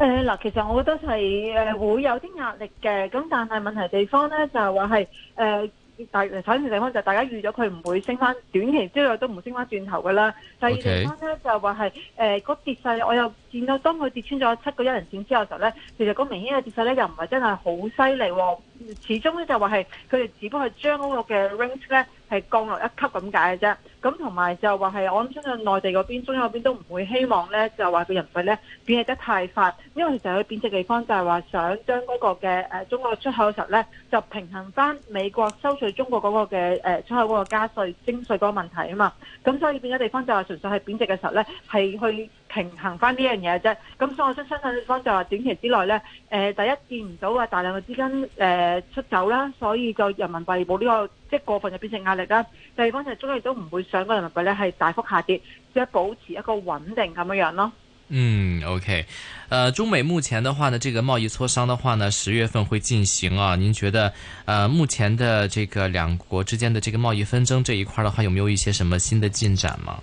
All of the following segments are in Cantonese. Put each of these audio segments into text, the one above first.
嗱、呃，其實我覺得係誒、呃、會有啲壓力嘅，咁但係問題地方咧就係話係誒，大、呃、誒，首先地方就大家預咗佢唔會升翻，短期之內都唔會升翻轉頭噶啦。Okay. 第二地方咧就話係誒，嗰、呃、跌勢，我又見到當佢跌穿咗七個一零線之後嘅時候咧，其實嗰明顯嘅跌勢咧又唔係真係好犀利，始終咧就話係佢哋只不過係將嗰個嘅 range 咧係降落一級咁解嘅啫。咁同埋就話係，我諗相信內地嗰邊、中央嗰邊都唔會希望呢，就話個人民幣呢，貶值得太快，因為其實佢貶值嘅方就係話想將嗰個嘅中國出口嘅時候咧，就平衡返美國收取中國嗰個嘅出口嗰個加稅徵稅嗰個問題啊嘛，咁所以變咗地方就話，純粹係貶值嘅時候咧，係去。平衡翻呢樣嘢啫，咁所以我相信方就話短期之內呢，誒、呃，第一見唔到大量嘅資金誒、呃、出走啦，所以就人民幣冇呢、這個即係過分嘅變成壓力啦。第二方就中亦都唔會想個人民幣咧係大幅下跌，即係保持一個穩定咁樣樣咯。嗯，OK，誒、呃，中美目前的話呢，這個貿易磋商的話呢，十月份會進行啊。您覺得誒、呃、目前的這個兩國之間的這個貿易紛爭這一塊的話，有沒有一些什麼新的進展嗎？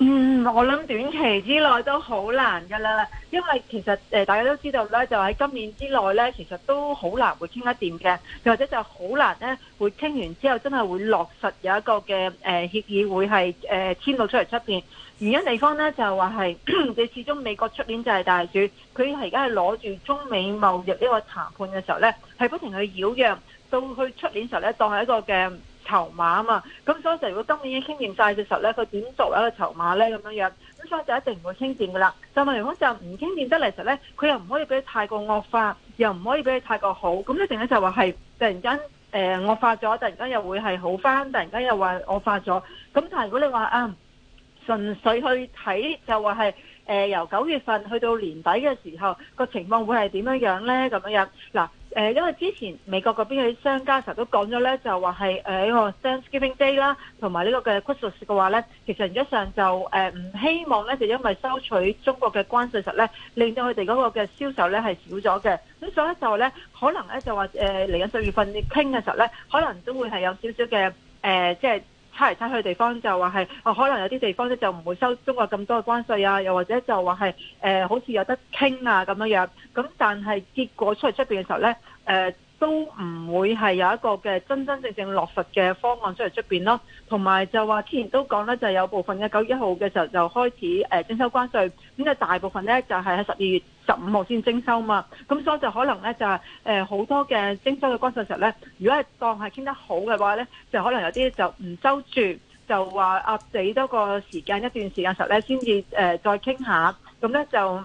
嗯，我諗短期之內都好難噶啦，因為其實誒大家都知道咧，就喺今年之內咧，其實都好難會傾得掂嘅，又或者就好難咧會傾完之後真係會落實有一個嘅誒協議會係誒簽到出嚟出面。原因地方咧就話係你始終美國出年就係大選，佢而家係攞住中美貿易呢個談判嘅時候咧，係不停去擾攘，到去出年時候咧當係一個嘅。籌碼嘛，咁所以就如果今年已經傾掂晒嘅時候咧，佢點作為一個籌碼咧咁樣樣？咁所以就一定唔會傾掂噶啦。就問如果就唔傾掂得嚟，實咧佢又唔可以俾你太過惡化，又唔可以俾你太過好。咁一定咧就話係突然間誒、呃、惡化咗，突然間又會係好翻，突然間又話惡化咗。咁但係如果你話啊，純粹去睇就話係誒由九月份去到年底嘅時候，個情況會係點樣樣咧咁樣樣嗱。誒，因為之前美國嗰邊嘅商家成日都講咗咧，就說是話係誒呢個 Thanksgiving Day 啦，同埋呢個嘅 Christmas 嘅話咧，其實原則上就誒唔希望咧，就因為收取中國嘅關稅實咧，令到佢哋嗰個嘅銷售咧係少咗嘅。咁所以就咧，可能咧就話誒嚟緊十月份傾嘅時候咧，可能都會係有少少嘅誒，即係睇嚟睇去嘅地方就話係，哦、啊、可能有啲地方咧就唔會收中國咁多嘅關稅，啊，又或者就話係誒好似有得傾啊咁樣樣，咁但係結果出嚟出邊嘅時候咧誒。呃都唔會係有一個嘅真真正正落實嘅方案出嚟出面咯，同埋就話之前都講咧，就有部分嘅九月一號嘅時候就開始誒徵收關稅，咁就大部分咧就係喺十二月十五號先徵收嘛，咁所以就可能咧就係好多嘅徵收嘅關稅時候咧，如果係當係傾得好嘅話咧，就可能有啲就唔收住，就話俾多個時間一段時間時候咧先至再傾下，咁咧就。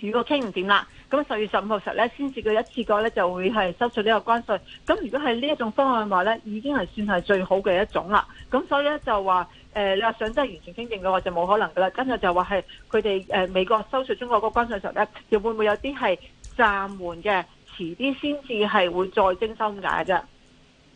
如果傾唔掂啦，咁十月十五號時咧先至佢一次過咧就會係收取呢個關稅。咁如果係呢一種方案嘅話咧，已經係算係最好嘅一種啦。咁所以咧就、呃、話，誒你話想真係完全傾認嘅話就冇可能噶啦。跟住就話係佢哋誒美國收取中國嗰個關稅時候咧，就會唔會有啲係暫緩嘅，遲啲先至係會再徵收咁解嘅啫。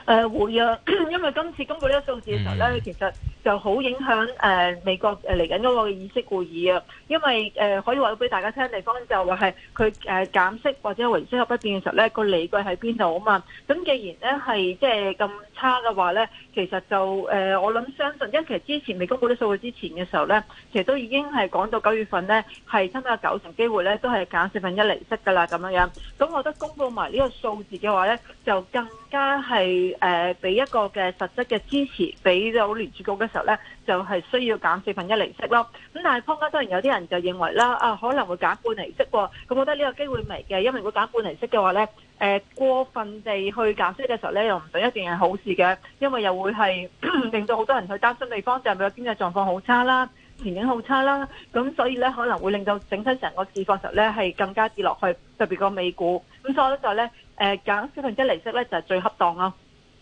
誒、呃，會啊，因為今次公布呢個數字嘅時候咧、嗯，其實。就好影響誒美國誒嚟緊嗰個議息會議啊，因為誒可以話俾大家聽地方就話係佢誒減息或者係維持合不變嘅時候咧，個理據喺邊度啊嘛？咁既然咧係即係咁差嘅話咧，其實就誒我諗相信，因為其實之前未公布啲數據之前嘅時候咧，其實都已經係講到九月份咧係差唔多有九成機會咧都係減四分一厘息㗎啦咁樣樣。咁我覺得公佈埋呢個數字嘅話咧，就更加係誒俾一個嘅實質嘅支持俾到聯儲局嘅。時候咧就係、是、需要減四分一利息咯，咁但係坊間當然有啲人就認為啦，啊可能會減半利息喎，我覺得呢個機會微嘅，因為如果減半利息嘅話咧，誒、呃、過分地去減息嘅時候咧又唔一定係好事嘅，因為又會係令到好多人去擔心地方就債有冇經濟狀況好差啦，前景好差啦，咁所以咧可能會令到整體成個市況實咧係更加跌落去，特別個美股，咁所以咧就咧誒減四分一利息咧就係、是、最恰當咯。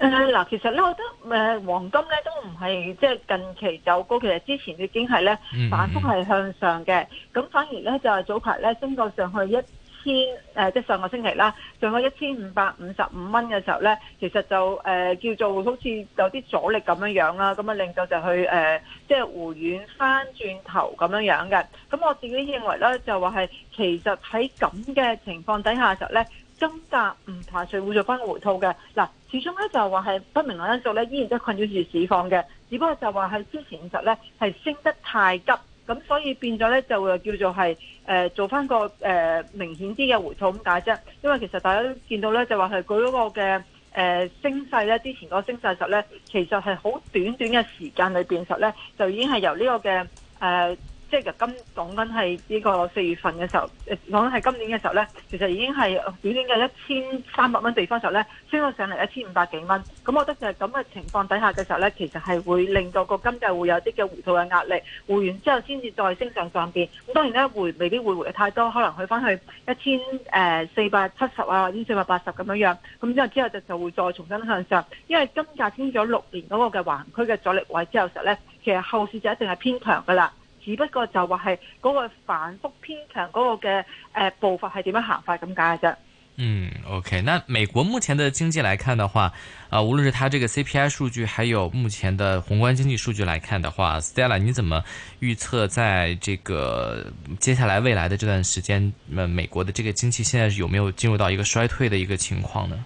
誒，嗱，其實咧，我覺得誒，黃金咧都唔係即係近期走高，其實之前已經係咧反覆係向上嘅，咁、嗯嗯嗯、反而咧就係早排咧升到上去一千即係上個星期啦，上個一千五百五十五蚊嘅時候咧，其實就誒、呃、叫做好似有啲阻力咁樣樣啦，咁啊令到就去誒即係回軟翻轉頭咁樣樣嘅。咁我自己認為咧，就話係其實喺咁嘅情況底下嘅時候咧，金價唔排除會做翻回吐嘅。嗱，始終咧就話係不明朗因素咧依然都困擾住市況嘅，只不過就話係之前嘅時候咧係升得太急。咁、嗯、所以變咗咧，就會叫做係、呃、做翻個、呃、明顯啲嘅回吐咁解啫。因為其實大家都見到咧，就話係佢嗰個嘅升勢咧，之前嗰個升勢實咧，其實係好短短嘅時間裏邊實咧，就已經係由呢個嘅、呃即係今講緊係呢個四月份嘅時候，講緊係今年嘅時候咧，其實已經係表現嘅一千三百蚊地方時時候咧，升咗上嚟一千五百幾蚊。咁我覺得就係咁嘅情況底下嘅時候咧，其實係會令到個金價會有啲嘅回吐嘅壓力，回完之後先至再升上上邊。咁當然咧，回未必會回太多，可能去翻去一千四百七十啊，或者四百八十咁樣樣。咁之後之後就就會再重新向上，因為金價升咗六年嗰個嘅橫區嘅阻力位之後時時候咧，其實後市就一定係偏強㗎啦。只不過就話係個反覆偏強嗰個嘅誒、呃、步伐係點樣行法咁解啫。嗯，OK，那美國目前的經濟來看的話，啊，無論是佢這個 CPI 數據，還有目前的宏觀經濟數據來看的話，Stella，你怎麼預測在這個接下來未來的這段時間、呃，美國的這個經濟現在有沒有進入到一個衰退的一個情況呢？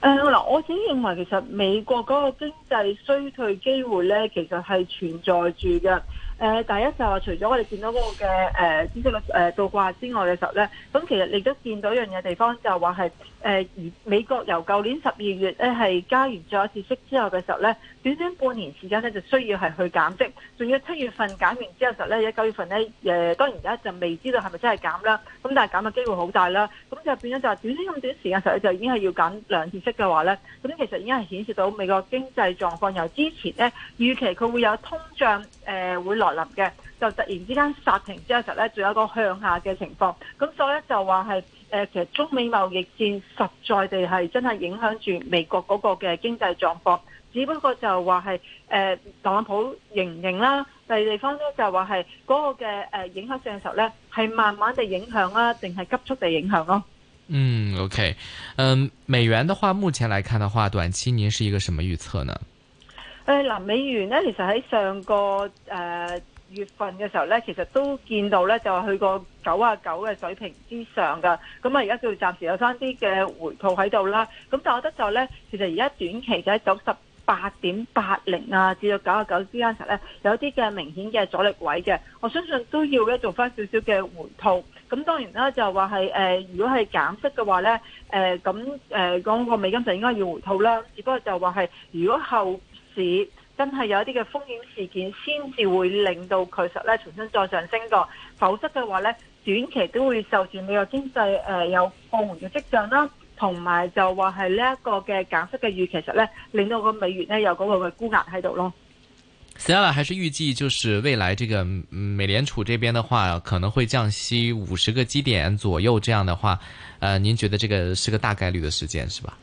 誒、嗯，我自己認為其實美國嗰個經濟衰退機會咧，其實係存在住嘅。誒、呃、第一就係話、那個，除咗我哋見到嗰個嘅誒孳息率誒倒、呃、掛之外嘅時候咧，咁其實你都見到一樣嘢地方，就係話係誒而美國由舊年十二月咧係、呃、加完咗一次息之後嘅時候咧，短短半年時間咧，就需要係去減息，仲要七月份減完之後實咧，喺九月份咧，誒、呃、當然而家就未知道係咪真係減啦，咁但係減嘅機會好大啦，咁就變咗就係短短咁短，短時間實咧，就已經係要減兩次息嘅話咧，咁其實已經係顯示到美國經濟狀況由之前咧預期佢會有通脹誒、呃、會來臨嘅，就突然之間殺停之後實咧，仲有一個向下嘅情況，咁所以就話係誒其實中美貿易戰實在地係真係影響住美國嗰個嘅經濟狀況。只不過就話係誒特朗普認唔認啦，第二地方咧就話係嗰個嘅誒影響性嘅時候咧，係慢慢地影響啦，定係急速地影響咯？嗯，OK，嗯，美元嘅話，目前嚟看嘅話，短期您是一個什麼預測呢？誒，嗱，美元咧，其實喺上個誒月份嘅時候咧，其實都見到咧就去過九啊九嘅水平之上噶，咁啊而家佢暫時有翻啲嘅回吐喺度啦，咁但係我覺得就咧，其實而家短期就係九十。八點八零啊，至到九啊九之間實咧有啲嘅明顯嘅阻力位嘅，我相信都要咧做翻少少嘅回吐。咁當然啦，就話係誒，如果係減息嘅話咧，誒咁誒講個美金就應該要回吐啦。只不過就話係，如果後市真係有一啲嘅風險事件，先至會令到佢實咧重新再上升個，否則嘅話咧，短期都會受住美國經濟誒有放緩嘅跡象啦。同埋就話係呢一個嘅減息嘅預期，其實咧令到個美元咧有嗰個嘅沽壓喺度咯。Sir 還是預計就是未來這個美聯儲這邊的話，可能會降息五十個基點左右。這樣的話，呃，您覺得這個是個大概率的事件，是吧？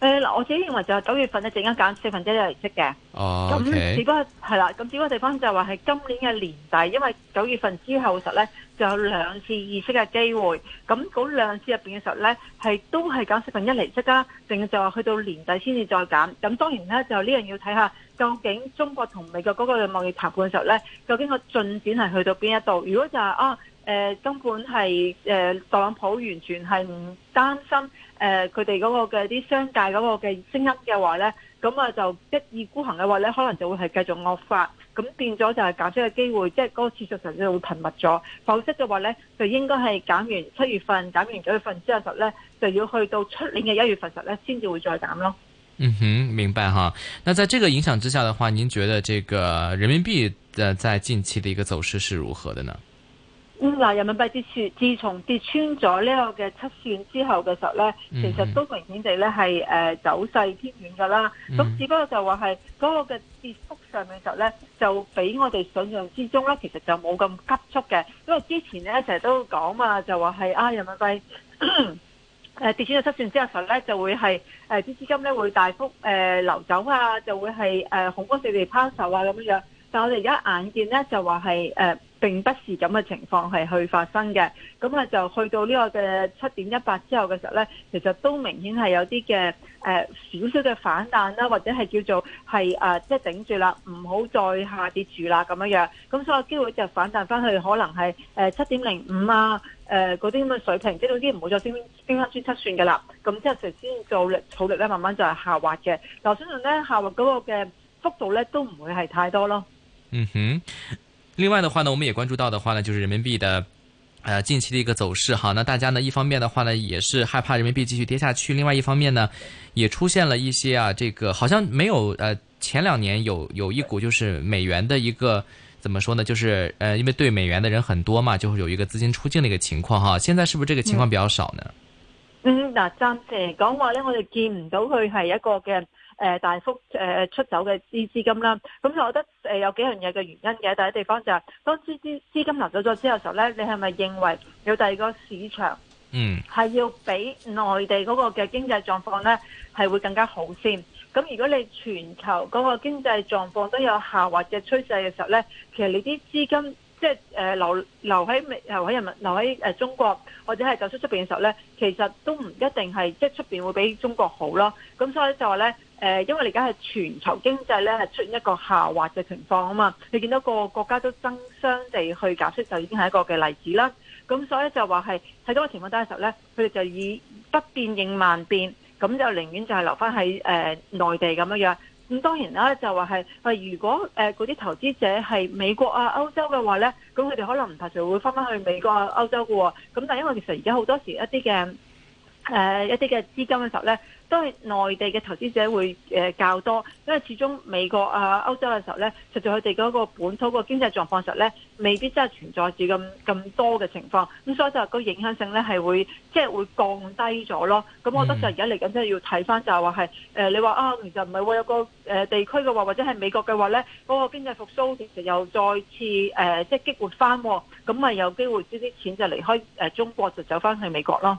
誒、呃、嗱，我自己認為就係九月份咧，陣間減四分之一厘息嘅。哦，咁只不過係啦，咁、okay. 只不過地方就係話係今年嘅年底，因為九月份之後實咧。就有兩次議息嘅機會，咁嗰兩次入邊嘅時候呢，係都係減四分一厘息啦，淨就係去到年底先至再減。咁當然呢，就呢樣要睇下究竟中國同美國嗰個嘅貿易談判嘅時候呢，究竟個進展係去到邊一度？如果就係啊，誒、呃、根本係誒、呃、特朗普完全係唔擔心誒佢哋嗰個嘅啲商界嗰個嘅聲音嘅話呢，咁啊就一意孤行嘅話呢，可能就會係繼續惡化。咁變咗就係減息嘅機會，即係嗰個次數上就會頻密咗。否則嘅話咧，就應該係減完七月份減完九月份之後實咧，就要去到出年嘅一月份實咧，先至會再減咯。嗯哼，明白哈。那在這個影響之下的話，您覺得這個人民幣嘅在近期嘅一個走勢是如何的呢？嗱、嗯，人民幣自自從跌穿咗呢個嘅七算之後嘅時候咧、嗯嗯，其實都明顯地咧係誒走勢偏軟㗎啦。咁、嗯、只不過就話係嗰個嘅跌幅上面就咧，就比我哋想象之中咧，其實就冇咁急促嘅。因為之前咧成日都講嘛，就話係啊人民幣誒、呃、跌穿咗七算之後嘅時候咧，就會係誒啲資金咧會大幅誒、呃、流走啊，就會係誒恐慌性地拋售啊咁樣樣。但係我哋而家眼見咧就話係誒。呃並不是咁嘅情況係去發生嘅，咁啊就去到呢個嘅七點一八之後嘅時候咧，其實都明顯係有啲嘅誒少少嘅反彈啦，或者係叫做係誒即係頂住啦，唔好再下跌住啦咁樣樣。咁所以有機會就反彈翻去可能係誒七點零五啊誒嗰啲咁嘅水平，即係呢啲唔好再堅堅刻磚測算嘅啦。咁之後就先做力阻力咧，慢慢就係下滑嘅。我相信咧下滑嗰個嘅幅度咧都唔會係太多咯。嗯哼。另外的話呢，我們也關注到的話呢，就是人民幣的，呃，近期的一個走勢哈。那大家呢，一方面的話呢，也是害怕人民幣繼續跌下去，另外一方面呢，也出現了一些啊，這個好像沒有呃，前兩年有有一股就是美元的一個怎麼說呢？就是呃，因為對美元的人很多嘛，就會有一個資金出境的一個情況哈。現在是不是這個情況比較少呢？嗯，那、嗯、暫時講話呢，我哋見唔到佢係一個嘅。誒、呃、大幅誒、呃、出走嘅資資金啦，咁我覺得誒有幾樣嘢嘅原因嘅，第一地方就係當資資資金流走咗之後嘅時候咧，你係咪認為有第二個市場？嗯，係要比內地嗰個嘅經濟狀況咧，係會更加好先。咁、嗯嗯、如果你全球嗰個經濟狀況都有下滑嘅趨勢嘅時候咧，其實你啲資金即係誒留留喺留喺人民留喺誒中國，或者係走出出邊嘅時候咧，其實都唔一定係即係出邊會比中國好咯。咁所以就話咧。誒，因為而家係全球經濟咧係出現一個下滑嘅情況啊嘛，你見到個國家都爭相地去減息，就已經係一個嘅例子啦。咁所以就話係睇到個情況底下時候咧，佢哋就以不變應萬變，咁就寧願就係留翻喺誒內地咁樣樣。咁當然啦，就話係，係如果誒嗰啲投資者係美國啊、歐洲嘅話咧，咁佢哋可能唔排除會翻翻去美國啊、歐洲噶喎。咁但係因為其實而家好多時一啲嘅。誒、uh，一啲嘅資金嘅時候咧，都係內地嘅投資者會誒較多，因為始終美國啊、歐洲嘅時候咧，實在佢哋嗰個本土個經濟狀況實咧，未必真係存在住咁咁多嘅情況，咁所以就個影響性咧係會即係、就是、會降低咗咯。咁我覺得就而家嚟緊真係要睇翻就係話係誒你話啊，其實唔係喎，有個誒地區嘅話，或者係美國嘅話咧，嗰、那個經濟復甦其實又再次誒即係激活翻，咁咪有機會啲啲錢就離開、呃、中國就走翻去美國咯。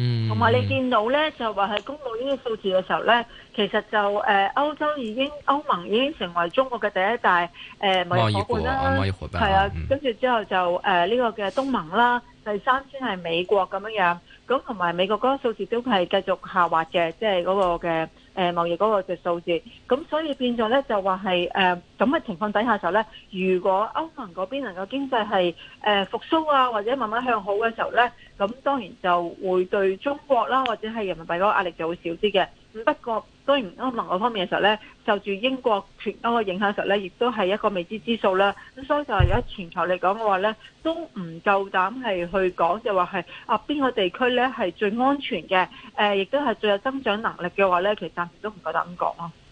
嗯，同埋你見到咧，就話喺公佈呢啲數字嘅時候咧，其實就誒、呃、歐洲已經歐盟已經成為中國嘅第一大誒貿易伙伴啦，係、呃、啊，啊，啊，啊，跟住之後就誒呢、呃這個嘅東盟啦、啊，第三先係美國咁樣樣，咁同埋美國嗰個數字都係繼續下滑嘅，即係嗰個嘅。誒貿易嗰個嘅數字，咁所以變咗咧就話係誒咁嘅情況底下時候咧，如果歐盟嗰邊能夠經濟係誒、呃、復甦啊，或者慢慢向好嘅時候咧，咁當然就會對中國啦，或者係人民幣嗰個壓力就會少啲嘅。不過，雖然歐盟嗰方面嘅時候咧，受住英國脫歐嘅影響時候咧，亦都係一個未知之數啦。咁所以就係而家全球嚟講嘅話咧，都唔夠膽係去講，就話係啊邊個地區咧係最安全嘅？誒，亦都係最有增長能力嘅話咧，其實暫時都唔夠膽講咯。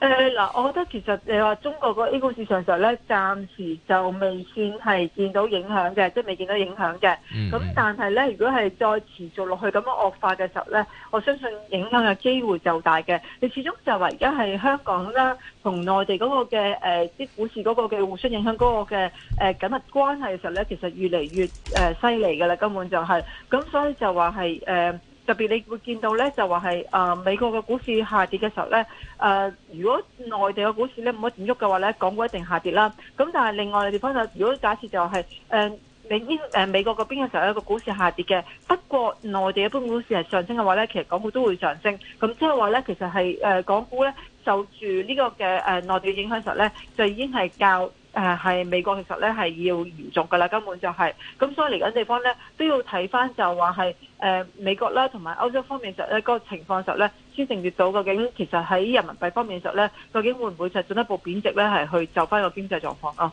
誒、呃、嗱，我覺得其實你話中國個 A 股市場上咧，暫時就未算係見到影響嘅，即係未見到影響嘅。咁、嗯、但係咧，如果係再持續落去咁樣惡化嘅時候咧，我相信影響嘅機會就大嘅。你始終就話而家係香港啦，同內地嗰個嘅誒啲股市嗰個嘅互相影響嗰個嘅誒緊密關係嘅時候咧，其實越嚟越誒犀利㗎啦，根本就係、是。咁所以就話係誒。呃特別你會見到咧，就話係誒美國嘅股市下跌嘅時候咧，誒、呃、如果內地嘅股市咧唔可以點喐嘅話咧，港股一定下跌啦。咁但係另外嘅地方就，如果假設就係誒美邊誒美國嗰邊嘅時候一個股市下跌嘅，不過內地一般股市係上升嘅話咧，其實港股都會上升。咁即係話咧，其實係誒、呃、港股咧受住呢個嘅誒、呃、內地嘅影響時候咧，就已經係較。誒係美國，其實咧係要延續噶啦，根本就係、是、咁，所以嚟緊地方咧都要睇翻，就話係誒美國啦，同埋歐洲方面實呢、嗰個情況實咧，先承接到究竟其實喺人民幣方面實咧，究竟會唔會就進一步貶值咧，係去就翻個經濟狀況啊？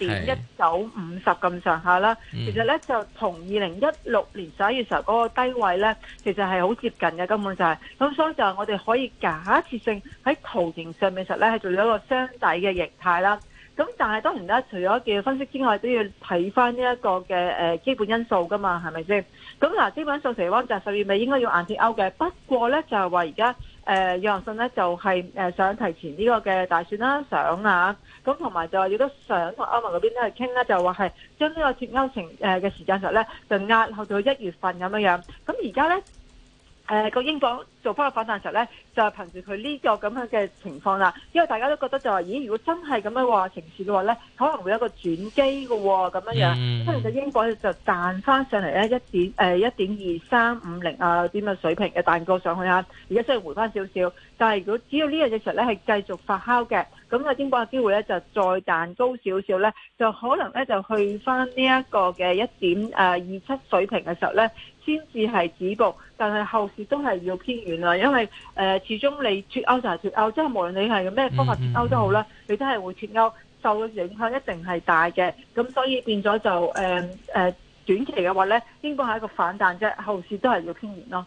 點一九五十咁上下啦，其實咧就同二零一六年十一月時候嗰個低位咧，其實係好接近嘅，根本就係、是，咁所以就係我哋可以假設性喺圖形上面實咧係做咗一個雙底嘅形態啦。咁但係當然啦，除咗嘅分析之外，都要睇翻呢一個嘅誒基本因素噶嘛，係咪先？咁嗱，基本因素嚟講，就十月尾應該要硬脱歐嘅。不過咧，就係話而家誒有人信咧，就係誒想提前呢個嘅大選啦，想啊。咁同埋就係亦都想同歐盟嗰邊去傾咧，就話、是、係將呢個脱歐成嘅時間上咧，就壓後到一月份咁樣樣。咁而家咧。誒個英鎊做翻個反彈嘅時候咧，就係憑住佢呢個咁樣嘅情況啦，因為大家都覺得就話，咦？如果真係咁樣話情緒嘅話咧，可能會有一個轉機嘅喎、哦，咁樣樣、嗯，可能個英鎊就彈翻上嚟咧一點誒一點二三五零啊啲嘅水平嘅彈高上去啊，而家雖然回翻少少，但係如果只要個呢一隻實咧係繼續發酵嘅，咁個英鎊嘅機會咧就再彈高少少咧，就可能咧就去翻呢一個嘅一點誒二七水平嘅時候咧。先至係止步，但係後市都係要偏遠啦，因為誒、呃、始終你脱歐就係脱歐，即係無論你係咩方法脱歐都好啦，你都係會脱歐，受嘅影響一定係大嘅，咁所以變咗就誒誒、呃呃、短期嘅話咧，應該係一個反彈啫，後市都係要偏遠咯。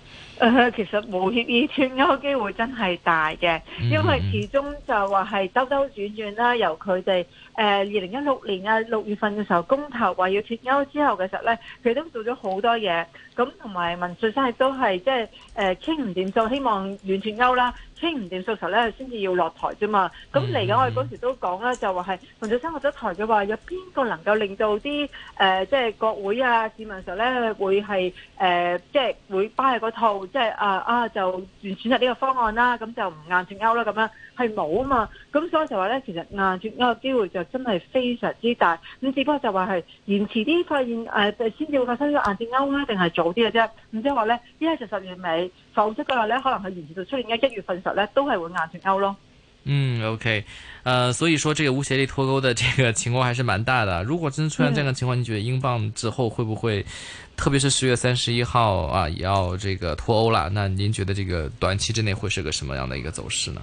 誒、呃，其實無協議脱歐機會真係大嘅，因為始終就話係兜兜轉轉啦，由佢哋誒二零一六年啊六月份嘅時候公投話要脱歐之後嘅時候呢，佢都做咗好多嘢，咁同埋文翠珊都係即係誒傾唔掂，就是呃、做希望軟脫歐啦。傾唔掂數時候咧，先至要落台啫嘛。咁嚟緊，我哋嗰時都講啦，就話係馮俊生落咗台嘅話，有邊個能夠令到啲誒、呃，即係國會啊、市民上咧會係誒、呃，即係會 buy 嗰套，即係啊啊，就選擇呢個方案啦，咁就唔硬性拗啦，咁樣。係冇啊嘛，咁所以就話咧，其實硬脫歐嘅機會就真係非常之大，咁只不過就話係延遲啲發現誒，先、呃、至會發生呢個硬脫歐啦，定係早啲嘅啫。咁之後咧，依家就十月尾，否則嘅話咧，可能係延遲到出現一月份時候，咧，都係會硬脫歐咯。嗯，OK，誒、呃，所以說這個無協議脫鈎的這個情況還是蠻大的。如果真出現這樣嘅情況、嗯，你覺得英鎊之後會不會，特別是十月三十一號啊，要這個脱歐啦？那您覺得這個短期之內會是個什麼樣的一個走勢呢？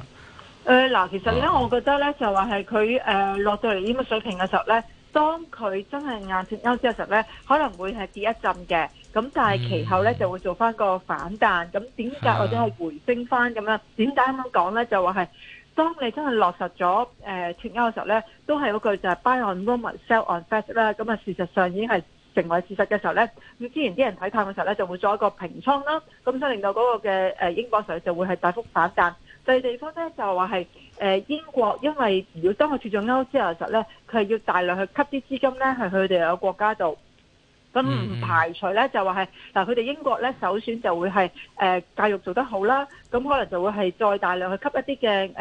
誒、呃、嗱，其實咧，我覺得咧，就話係佢誒落到嚟呢個水平嘅時候咧，當佢真係硬脱歐之後咧，可能會係跌一陣嘅。咁但係其後咧就會做翻個反彈。咁點解或者係回升翻咁、啊、樣？點解咁講咧？就話係當你真係落實咗誒脱歐嘅時候咧，都係嗰句就係 Buy on rumour, sell on fact 啦。咁啊，事實上已經係成為事實嘅時候咧，咁之前啲人睇淡嘅時候咧，就會做一個平倉啦。咁所以令到嗰個嘅、呃、英國上就會係大幅反彈。第地方咧就話係，誒、呃、英國，因為如果當佢脫咗歐嘅時候咧，佢係要大量去吸啲資金咧，係佢哋嘅國家度。咁唔排除咧就話係，嗱佢哋英國咧首選就會係，誒、呃、教育做得好啦。咁可能就會係再大量去吸一啲嘅誒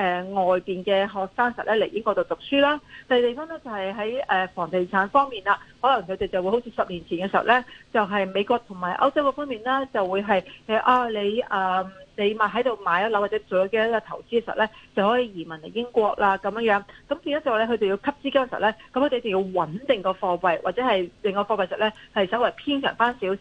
外邊嘅學生實咧嚟英國度讀書啦。第二地方咧就係喺房地產方面啦，可能佢哋就會好似十年前嘅時候咧，就係美國同埋歐洲嗰方面啦，就會係啊你誒、嗯、你咪喺度買一樓或者做咗嘅一個投資實咧，就可以移民嚟英國啦，咁樣咁變咗就後咧，佢哋要吸資金嘅時候咧，咁佢哋就要穩定個貨幣或者係令個貨幣實咧係稍微偏強翻少少。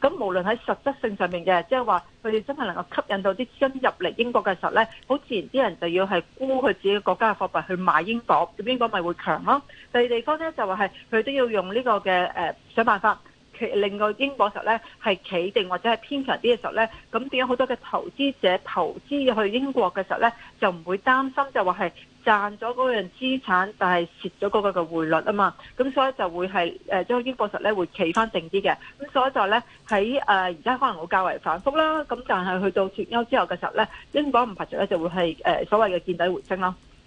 咁無論喺實質性上面嘅，即係話。佢哋真係能夠吸引到啲資金入嚟英國嘅時候咧，好自然啲人就要係沽佢自己嘅國家嘅貨幣去買英國，咁英國咪會強咯。第二地方咧就話係佢都要用呢個嘅誒，想辦法。另令英國實咧係企定或者係偏強啲嘅時候咧，咁點樣好多嘅投資者投資去英國嘅時候咧，就唔會擔心就話係賺咗嗰樣資產，但係蝕咗嗰個嘅匯率啊嘛，咁所以就會係誒將英國實咧會企翻定啲嘅，咁所以就咧喺誒而家可能會較為反覆啦，咁但係去到脫歐之後嘅時候咧，英國唔排除咧就會係、呃、所謂嘅見底回升咯。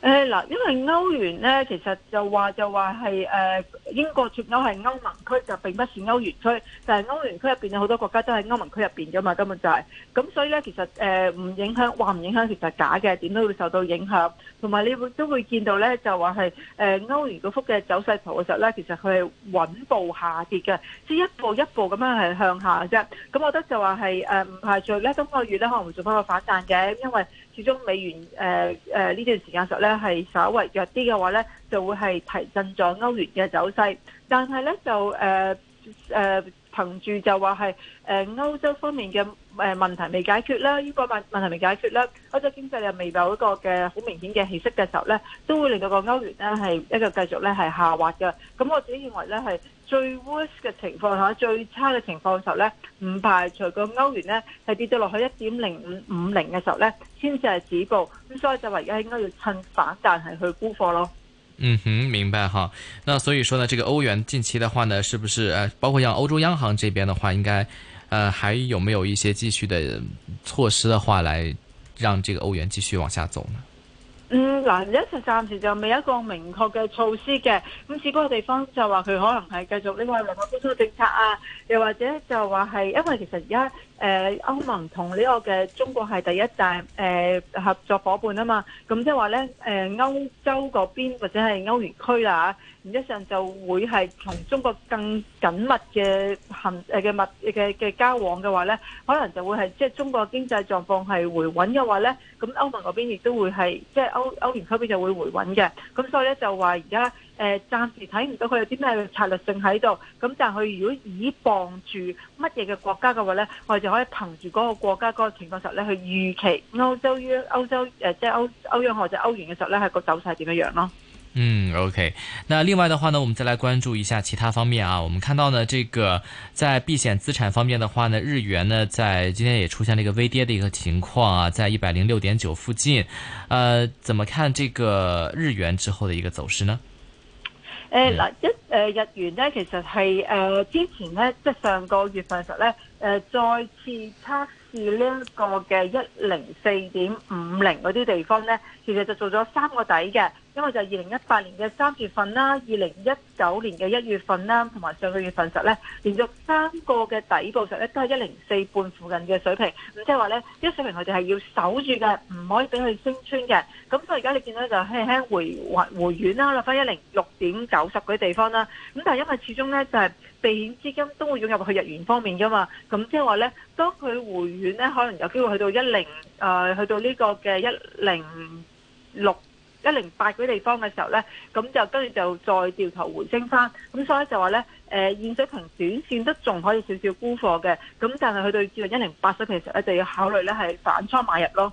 誒，嗱，因為歐元咧，其實就話就話係，誒，英國脱歐係歐盟區，就並不是歐元區，但係歐元區入邊有好多國家都係歐盟區入邊噶嘛，根本就係、是，咁所以咧，其實誒唔、呃、影響，話唔影響其實假嘅，點都會受到影響，同埋你會都會見到咧，就話係，誒，歐元嗰幅嘅走勢圖嘅時候咧，其實佢係穩步下跌嘅，即一步一步咁樣係向下啫，咁我覺得就話係，誒、呃，唔排除咧今個月咧可能會做翻個反彈嘅，因為。始終美元誒誒呢段時間時候咧係稍微弱啲嘅話咧，就會係提振咗歐元嘅走勢。但係咧就誒誒、呃呃、憑住就話係誒歐洲方面嘅誒問題未解決啦，英國問問題未解決啦，歐洲經濟又未有一個嘅好明顯嘅起色嘅時候咧，都會令到個歐元咧係一個繼續咧係下滑嘅。咁我自己認為咧係。是最 worst 嘅情況下，最差嘅情況嘅時候呢，唔排除個歐元呢係跌咗落去一點零五五零嘅時候呢，先至係指標，咁所以就話而家應該要趁反彈係去沽貨咯。嗯哼，明白哈。那所以說呢，這個歐元近期的話呢，是不是誒、呃，包括像歐洲央行這邊的話，應該誒、呃，還有沒有一些繼續的措施的話，來讓這個歐元繼續往下走呢？嗯，嗱，其實暫時就未有一個明確嘅措施嘅，咁似嗰個地方就話佢可能係繼續呢個靈活溝通政策啊，又或者就話係因為其實而家。誒歐盟同呢個嘅中國係第一大合作伙伴啊嘛，咁即係話咧，誒歐洲嗰邊或者係歐元區啦，唔然之後就會係同中國更緊密嘅行嘅嘅嘅交往嘅話咧，可能就會係即係中國經濟狀況係回穩嘅話咧，咁歐盟嗰邊亦都會係即係歐元區邊就會回穩嘅，咁所以咧就話而家。誒、呃、暫時睇唔到佢有啲咩策略性喺度，咁但係佢如果以傍住乜嘢嘅國家嘅話呢，我哋就可以憑住嗰個國家嗰個情況實咧去預期歐洲於歐洲誒即係歐歐元或者歐元嘅時候呢，係個、呃、走勢點樣樣咯。嗯，OK，那另外嘅話呢，我們再來關注一下其他方面啊。我們看到呢，這個在避險資產方面嘅話呢，日元呢在今天也出現了一個微跌嘅一個情況啊，在一百零六點九附近，誒、呃，怎麼看這個日元之後嘅一個走勢呢？誒嗱一誒日元咧，其實係誒之前咧，即係上個月份嘅時候咧，誒再次測至呢一個嘅一零四點五零嗰啲地方咧，其實就做咗三個底嘅，因為就係二零一八年嘅三月份啦，二零一九年嘅一月份啦，同埋上個月份實咧，連續三個嘅底部實咧都係一零四半附近嘅水平，咁即係話咧呢個水平我哋係要守住嘅，唔可以俾佢升穿嘅，咁所以而家你見到就輕輕回回軟啦，落翻一零六點九十嗰啲地方啦，咁但係因為始終咧就係。避險資金都會湧入去日元方面噶嘛，咁即係話呢，當佢回軟呢，可能有機會去到一零，誒，去到呢個嘅一零六、一零八嗰啲地方嘅時候呢，咁就跟住就再掉頭回升翻，咁所以就話呢，誒、呃、現水平短線都仲可以少少沽貨嘅，咁但係去到至到一零八水平嘅時候呢，就要考慮呢係反倉買入咯。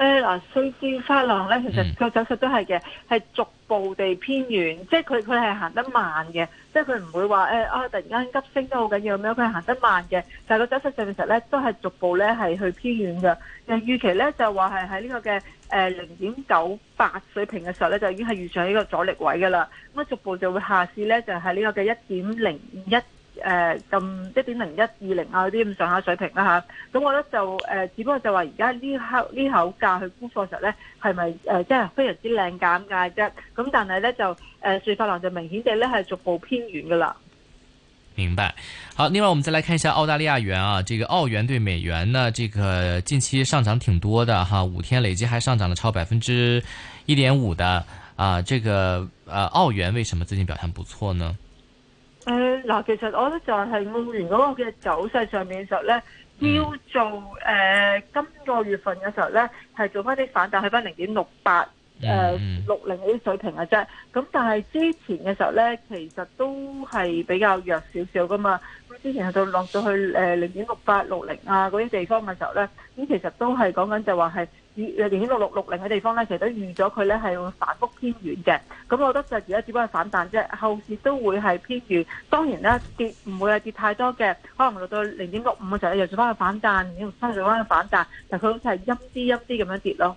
誒、哎、嗱，瑞士法郎咧，其實個走勢都係嘅，係逐步地偏軟，即係佢佢係行得慢嘅，即係佢唔會話誒、哎、啊，突然間急升得好緊要咩？佢係行得慢嘅，但係個走勢上面其實咧都係逐步咧係去偏軟嘅。預期咧就話係喺呢個嘅誒零點九八水平嘅時候咧，就已經係遇上呢個阻力位㗎啦。咁啊逐步就會下試咧，就係、是、呢個嘅一點零一。誒、呃，咁一點零一二零啊，嗰啲咁上下水平啦吓，咁、嗯、我覺得就誒、呃，只不過就話而家呢刻呢口價去估貨實咧，係咪誒，即、呃、係、就是、非常之靚減價啫？咁、啊、但係咧就誒，稅負量就明顯地咧係逐步偏軟噶啦。明白，好，另外我們再來看一下澳大利亞元啊，這個澳元對美元呢，這個近期上漲挺多的哈，五天累計還上漲了超百分之一點五的啊，這個誒、呃、澳元為什麼最近表現不錯呢？誒，嗱，其實我覺得就係澳元嗰個嘅走勢上面的時候呢，嘅時候咧叫做誒、呃、今個月份嘅時候咧，係做翻啲反彈、Yeah. 呃，去翻零點六八誒六零嗰啲水平嘅啫。咁但係之前嘅時候咧，其實都係比較弱少少噶嘛。咁之前係到落到去誒零點六八六零啊嗰啲地方嘅時候咧，咁其實都係講緊就話係。零點六六六零嘅地方咧，其實都預咗佢咧係會反覆偏軟嘅。咁我覺得佢而家只不過係反彈啫，後市都會係偏軟。當然咧，跌唔會係跌太多嘅，可能落到零點六五嘅時候又做翻個反彈，又做翻個反彈，但係佢好似係一啲一啲咁樣跌咯。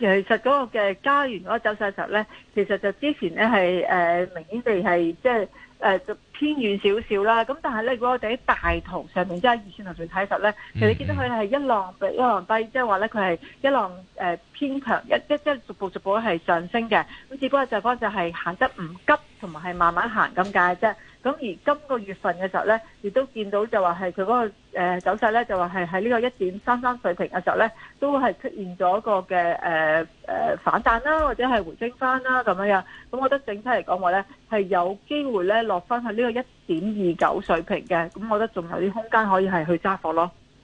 其實嗰個嘅加元嗰個走勢時候咧，其實就之前咧係誒明顯地係即係誒就偏遠少少啦。咁但係咧，如果我哋喺大圖上面即係二線圖上面睇實咧，其實你見到佢係一浪比一浪低，即係話咧佢係一浪誒、呃、偏強一一即係逐步逐步係上升嘅。咁只不過就方就係行得唔急，同埋係慢慢行咁解啫。咁而今個月份嘅時候咧，亦都見到就話係佢嗰個走勢咧，就話係喺呢個一點三三水平嘅時候咧，都係出現咗一個嘅、呃、反彈啦，或者係回升翻啦咁樣樣。咁我覺得整體嚟講話咧，係有機會咧落翻喺呢個一點二九水平嘅。咁我覺得仲有啲空間可以係去揸貨咯。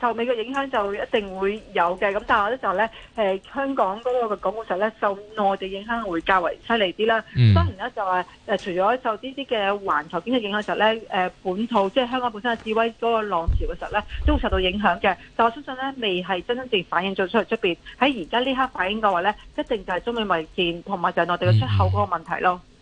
受美嘅影響就一定會有嘅，咁但係有時候咧，呃，香港嗰個嘅港股實咧受內地影響會較為犀利啲啦。當然咧就係呃除咗受呢啲嘅環球經濟影響嘅時候咧，呃，本土即係香港本身嘅示威嗰個浪潮嘅時候咧，都會受到影響嘅。但我相信咧，未係真真正正反映咗出去出邊。喺而家呢刻反映嘅話咧，一定就係中美貿易戰同埋就係內地嘅出口嗰個問題咯。嗯。